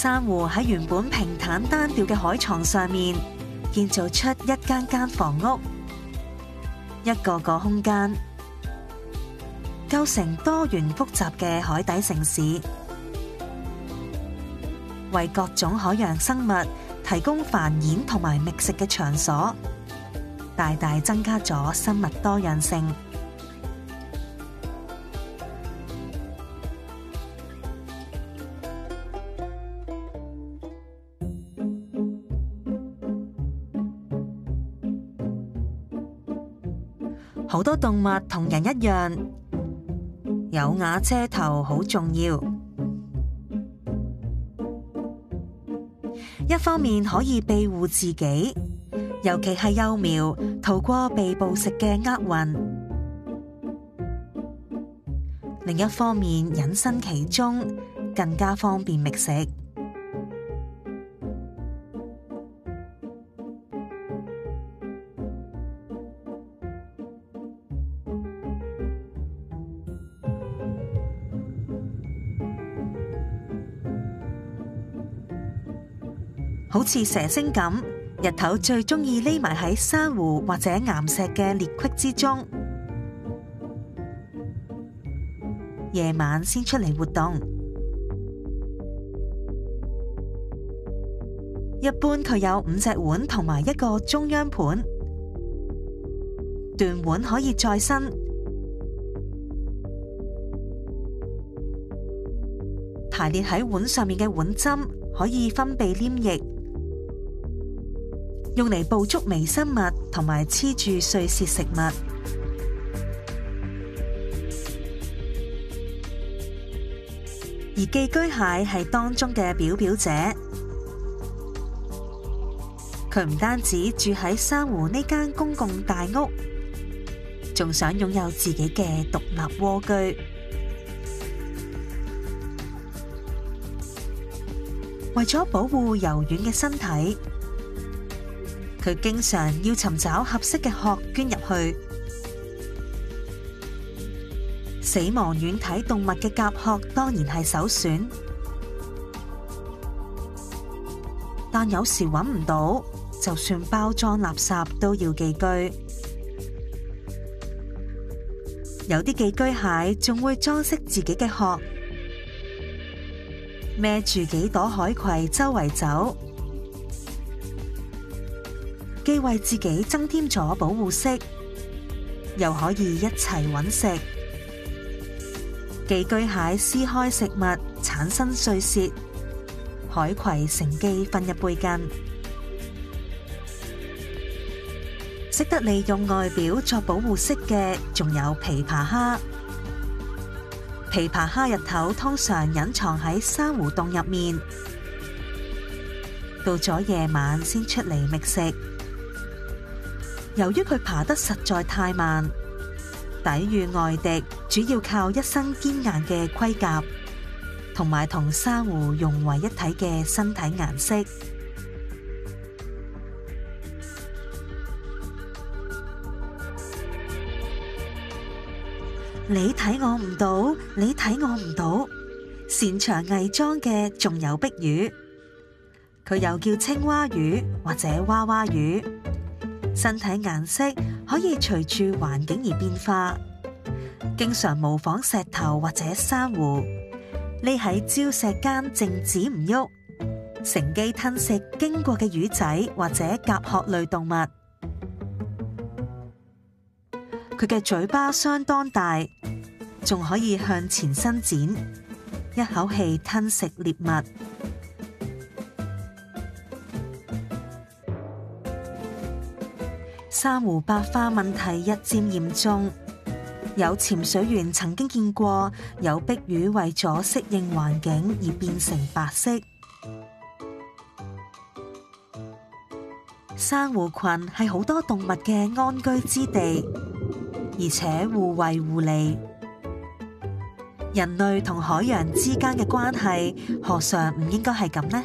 珊瑚喺原本平坦單調嘅海床上面建造出一間間房屋，一個個空間，構成多元複雜嘅海底城市，為各種海洋生物提供繁衍同埋覓食嘅場所，大大增加咗生物多樣性。好多動物同人一樣，有瓦遮頭好重要。一方面可以庇護自己，尤其係幼苗逃過被捕食嘅厄運；另一方面隱身其中，更加方便覓食。好似蛇星咁，日頭最中意匿埋喺珊瑚或者岩石嘅裂隙之中，夜晚先出嚟活動。一般佢有五隻腕同埋一個中央盤，斷腕可以再生，排列喺腕上面嘅腕針可以分泌黏液。用嚟捕捉微生物同埋黐住碎屑食物，而寄居蟹係當中嘅表表者，佢唔單止住喺珊瑚呢間公共大屋，仲想擁有自己嘅獨立蝸居，為咗保護柔軟嘅身體。佢經常要尋找合適嘅殼捐入去，死亡軟體動物嘅甲殼當然係首選，但有時搵唔到，就算包裝垃圾都要寄居。有啲寄居蟹仲會裝飾自己嘅殼，孭住幾朵海葵周圍走。既為自己增添咗保護色，又可以一齊揾食。寄居蟹撕開食物，產生碎屑；海葵乘機瞓入背間。識得利用外表作保護色嘅，仲有琵琶蝦。琵琶蝦日頭通常隱藏喺珊瑚洞入面，到咗夜晚先出嚟覓食。由於佢爬得實在太慢，抵禦外敵主要靠一身堅硬嘅盔甲，同埋同珊瑚融為一體嘅身體顏色。你睇我唔到，你睇我唔到，擅長偽裝嘅仲有碧魚，佢又叫青蛙魚或者娃娃魚。身體顏色可以隨住環境而變化，經常模仿石頭或者珊瑚，匿喺礁石間靜止唔喐，乘機吞食經過嘅魚仔或者甲殼類動物。佢嘅嘴巴相當大，仲可以向前伸展，一口氣吞食獵物。珊瑚白化問題日漸嚴重，有潛水員曾經見過有碧魚為咗適應環境而變成白色。珊瑚群係好多動物嘅安居之地，而且互惠互利。人類同海洋之間嘅關係，何嘗唔應該係咁呢？